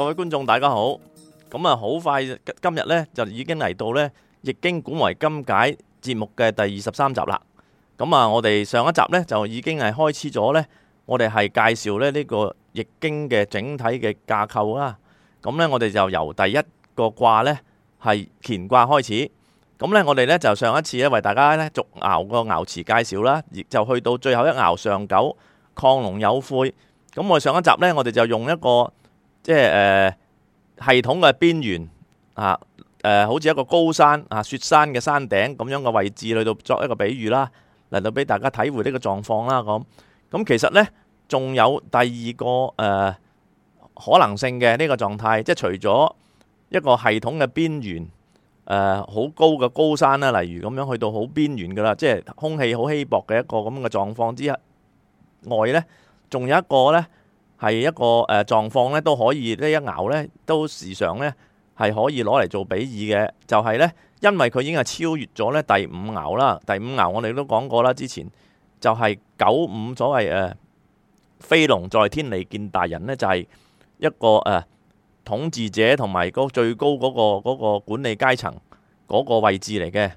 各位觀眾大家好，咁啊，好快今日咧就已經嚟到咧《易經古謎今解》節目嘅第二十三集啦。咁啊，我哋上一集咧就已經係開始咗咧，我哋係介紹咧呢個《易經》嘅整體嘅架構啦。咁咧，我哋就由第一個卦咧係乾卦開始。咁咧，我哋咧就上一次咧為大家咧逐爻個爻辭介紹啦，亦就去到最後一爻上九，亢龍有悔。咁我哋上一集咧，我哋就用一個。即係誒、呃，系統嘅邊緣啊，誒、呃，好似一個高山啊，雪山嘅山頂咁樣嘅位置去到作一個比喻啦，嚟到俾大家體會呢個狀況啦。咁咁其實呢，仲有第二個誒、呃、可能性嘅呢個狀態，即係除咗一個系統嘅邊緣誒，好、呃、高嘅高山啦，例如咁樣去到好邊緣噶啦，即係空氣好稀薄嘅一個咁嘅狀況之外，呢仲有一個呢。係一個誒狀況咧，都可以呢一爻咧，都時常咧係可以攞嚟做比喻嘅。就係咧，因為佢已經係超越咗咧第五爻啦。第五爻我哋都講過啦，之前就係九五所謂誒飛龍在天，利見大人咧，就係一個誒統治者同埋嗰最高嗰個嗰個管理階層嗰個位置嚟嘅。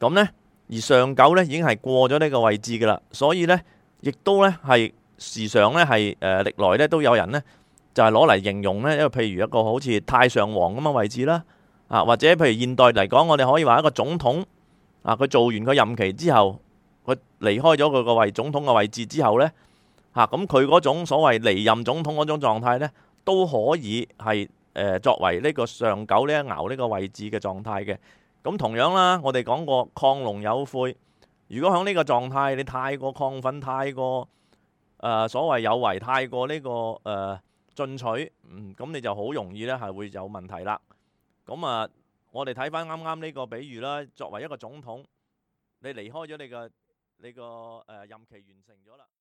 咁咧，而上九咧已經係過咗呢個位置噶啦，所以咧亦都咧係。時尚咧係誒歷來咧都有人咧，就係攞嚟形容咧，因為譬如一個好似太上皇咁嘅位置啦，啊或者譬如現代嚟講，我哋可以話一個總統啊，佢做完個任期之後，佢離開咗佢個位總統嘅位置之後咧，嚇咁佢嗰種所謂離任總統嗰種狀態咧，都可以係誒作為呢個上九呢一爻呢個位置嘅狀態嘅。咁同樣啦，我哋講過亢龍有悔，如果喺呢個狀態你太過亢奮、太過，誒、呃、所謂有為太過呢，這個誒、呃、進取，咁、嗯、你就好容易咧係會有問題啦。咁、嗯、啊，我哋睇返啱啱呢個比喻啦。作為一個總統，你離開咗你個你個誒、呃、任期完成咗啦。